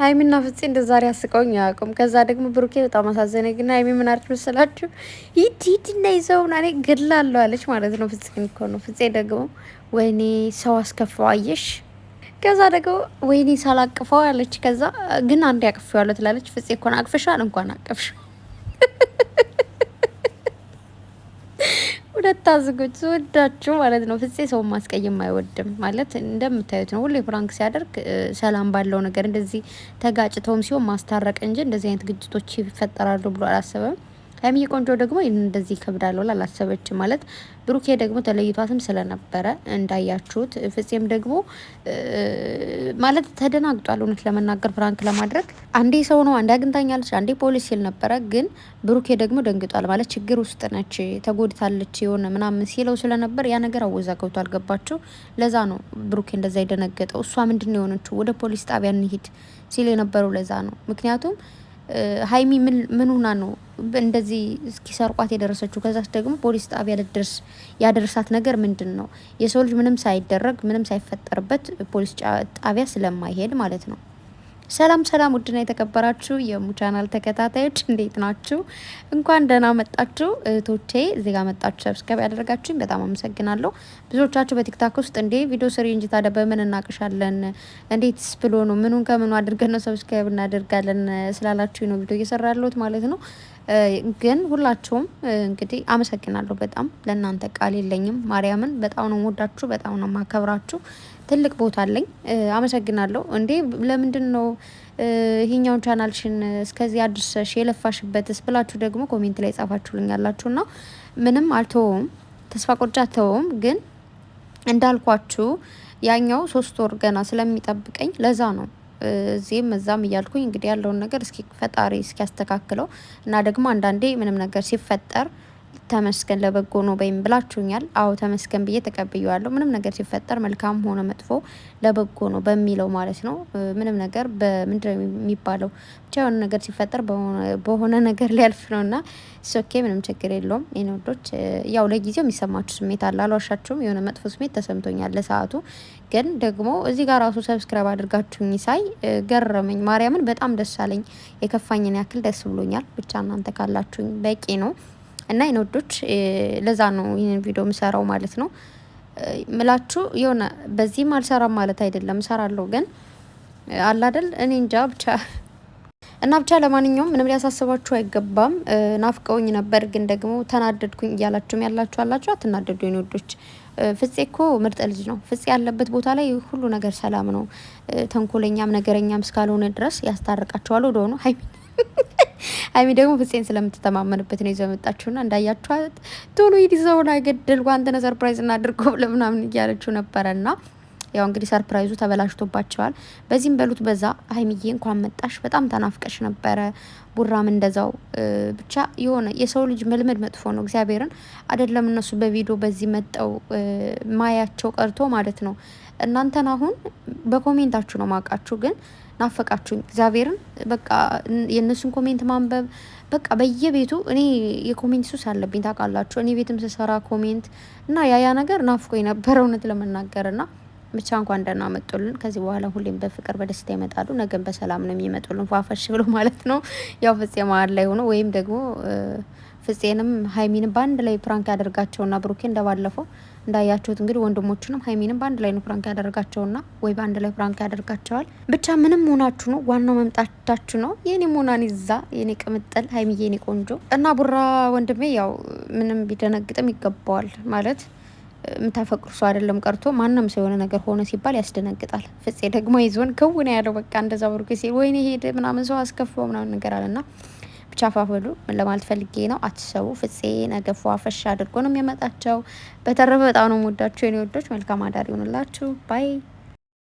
ሀይሚና ፍፄ እንደ ዛሬ አስቀውኝ አያውቁም። ከዛ ደግሞ ብሩኬ በጣም አሳዘነኝ። ግን ሀይሚ ምን አርች መሰላችሁ? ሂድ ሂድ እና ይዘውና እኔ ገላለሁ አለች ማለት ነው። ፍፄን እኮ ነው። ፍፄ ደግሞ ወይኔ ሰው አስከፋው አየሽ። ከዛ ደግሞ ወይኔ ሳላቅፈው አለች። ከዛ ግን አንድ ያቅፈዋለሁ ትላለች። ፍፄ እኮን አቅፍሻል እንኳን አቀፍሽ መታዝጎች ወዳችሁ ማለት ነው። ፍፄ ሰው ማስቀየም አይወድም ማለት እንደምታዩት ነው። ሁሌ ፍራንክ ሲያደርግ ሰላም ባለው ነገር እንደዚህ ተጋጭተውም ሲሆን ማስታረቅ እንጂ እንደዚህ አይነት ግጭቶች ይፈጠራሉ ብሎ አላሰበም። ሀይሚዬ ቆንጆ ደግሞ እንደዚህ ከብዳለው ላላሰበች ማለት ብሩኬ ደግሞ ተለይቷትም ስለነበረ እንዳያችሁት፣ ፍፄም ደግሞ ማለት ተደናግጧል። እውነት ለመናገር ፍራንክ ለማድረግ አንዴ ሰው ነው አንዴ አግኝታኛለች አንዴ ፖሊስ ሲል ነበረ። ግን ብሩኬ ደግሞ ደንግጧል። ማለት ችግር ውስጥ ነች ተጎድታለች የሆነ ምናምን ሲለው ስለነበር ያ ነገር አወዛገብቷል። ገባችሁ? ለዛ ነው ብሩኬ እንደዛ የደነገጠው። እሷ ምንድን የሆነችው ወደ ፖሊስ ጣቢያ እንሂድ ሲል የነበረው ለዛ ነው ምክንያቱም ሀይሚ ምን ሆና ነው እንደዚህ እስኪሰርቋት የደረሰችው? ከዛስ ደግሞ ፖሊስ ጣቢያ ልደርስ ያደርሳት ነገር ምንድን ነው? የሰው ልጅ ምንም ሳይደረግ ምንም ሳይፈጠርበት ፖሊስ ጣቢያ ስለማይሄድ ማለት ነው። ሰላም ሰላም፣ ውድና የተከበራችሁ የሙ ቻናል ተከታታዮች እንዴት ናችሁ? እንኳን ደህና መጣችሁ እህቶቼ። እዚህ ጋር መጣችሁ ሰብስክራይብ ያደረጋችሁኝ በጣም አመሰግናለሁ። ብዙዎቻችሁ በቲክታክ ውስጥ እንዴ ቪዲዮ ስሪ እንጂ ታዲያ በምን እናቅሻለን? እንዴት ብሎ ነው ምኑን ከምኑ አድርገን ነው ሰብስክራይብ እናደርጋለን ስላላችሁ ነው ቪዲዮ እየሰራ ያለሁት ማለት ነው። ግን ሁላችሁም እንግዲህ አመሰግናለሁ። በጣም ለእናንተ ቃል የለኝም። ማርያምን በጣም ነው ወዳችሁ በጣም ነው ማከብራችሁ። ትልቅ ቦታ አለኝ። አመሰግናለሁ። እንዴ ለምንድን ነው ይሄኛውን ቻናልሽን እስከዚህ አድርሰሽ የለፋሽበትስ ብላችሁ ደግሞ ኮሜንት ላይ ጻፋችሁልኝ ያላችሁና ምንም አልተወውም፣ ተስፋ ቆርጬ አልተወውም። ግን እንዳልኳችሁ ያኛው ሶስት ወር ገና ስለሚጠብቀኝ ለዛ ነው እዚህም እዛም እያልኩኝ እንግዲህ ያለውን ነገር እስኪ ፈጣሪ እስኪያስተካክለው እና ደግሞ አንዳንዴ ምንም ነገር ሲፈጠር ተመስገን ለበጎ ነው በይም ብላችሁኛል። አዎ ተመስገን ብዬ ተቀብያዋለሁ። ምንም ነገር ሲፈጠር መልካም ሆነ መጥፎ ለበጎ ነው በሚለው ማለት ነው። ምንም ነገር በምንድነው የሚባለው ብቻ የሆነ ነገር ሲፈጠር በሆነ ነገር ሊያልፍ ነው እና ሶኬ ምንም ችግር የለውም። ይንወዶች ያው ለጊዜው የሚሰማችሁ ስሜት አለ፣ አልዋሻችሁም። የሆነ መጥፎ ስሜት ተሰምቶኛል ለሰዓቱ። ግን ደግሞ እዚህ ጋር ራሱ ሰብስክራይብ አድርጋችሁኝ ሳይ ገረመኝ። ማርያምን በጣም ደስ አለኝ። የከፋኝን ያክል ደስ ብሎኛል። ብቻ እናንተ ካላችሁኝ በቂ ነው። እና ይንወዶች ለዛ ነው ይህንን ቪዲዮ ምሰራው ማለት ነው ምላችሁ የሆነ በዚህም አልሰራም ማለት አይደለም ሰራለሁ፣ ግን አላደል እኔ እንጃ ብቻ እና ብቻ ለማንኛውም ምንም ሊያሳስባችሁ አይገባም። ናፍቀውኝ ነበር ግን ደግሞ ተናደድኩኝ እያላችሁም ያላችሁ አላችሁ። አትናደዱ የኔ ወዶች። ፍፄ እኮ ምርጥ ልጅ ነው። ፍጼ ያለበት ቦታ ላይ ሁሉ ነገር ሰላም ነው። ተንኮለኛም ነገረኛም እስካልሆነ ድረስ ያስታርቃቸዋል ወደሆኑ ሀይሚ ሀይሚ ደግሞ ፍፄን ስለምትተማመንበት ነው ይዘው የመጣችሁና እንዳያችኋት ቶሎ ሂድ ይዘውን አይገደል ጓንተነ ሰርፕራይዝ እናድርገው ለምናምን እያለችው ነበረና ያው እንግዲህ ሰርፕራይዙ ተበላሽቶባቸዋል። በዚህም በሉት በዛ ሀይሚዬ እንኳን መጣሽ፣ በጣም ተናፍቀሽ ነበረ። ቡራም እንደዛው ብቻ የሆነ የሰው ልጅ መልመድ መጥፎ ነው። እግዚአብሔርን አይደለም እነሱ በቪዲዮ በዚህ መጠው ማያቸው ቀርቶ ማለት ነው። እናንተን አሁን በኮሜንታችሁ ነው ማውቃችሁ፣ ግን ናፈቃችሁ እግዚአብሔርን በቃ የእነሱን ኮሜንት ማንበብ በቃ በየቤቱ እኔ የኮሜንት ሱስ አለብኝ ታውቃላችሁ። እኔ ቤትም ስሰራ ኮሜንት እና ያያ ነገር ናፍቆ የነበረ እውነት ለመናገር ና ብቻ እንኳን ደህና መጡልን። ከዚህ በኋላ ሁሌም በፍቅር በደስታ ይመጣሉ። ነገን በሰላም ነው የሚመጡልን ፏፈሽ ብሎ ማለት ነው። ያው ፍጼ መሀል ላይ ሆኖ ወይም ደግሞ ፍጼንም ሀይሚንም በአንድ ላይ ፕራንክ ያደርጋቸውና ብሩኬ እንደባለፈው እንዳያችሁት እንግዲህ ወንድሞቹንም ሀይሚንም በአንድ ላይ ነው ፕራንክ ያደርጋቸውና ወይ በአንድ ላይ ፕራንክ ያደርጋቸዋል። ብቻ ምንም ሆናችሁ ነው ዋናው መምጣታችሁ ነው። የኔ ሞናን ይዛ የኔ ቅምጥል ሀይሚ የኔ ቆንጆ እና ቡራ ወንድሜ ያው ምንም ቢደነግጥም ይገባዋል ማለት የምታፈቅሩ ሰው አይደለም ቀርቶ ማንም ሰው የሆነ ነገር ሆነ ሲባል ያስደነግጣል። ፍፄ ደግሞ ይዞን ክውን ያለው በቃ እንደዛ ብሩ ጊዜ ወይኔ ሄደ ምናምን ሰው አስከፍሎ ምናምን ነገር አለና ብቻ ፋፈሉ ምን ለማለት ፈልጌ ነው። አትሰቡ ፍፄ ነገ ፏፈሽ አድርጎ ነው የሚያመጣቸው። በተረፈ በጣም ነው የምወዳችሁ የኔ ወዶች። መልካም አዳር ይሆንላችሁ ባይ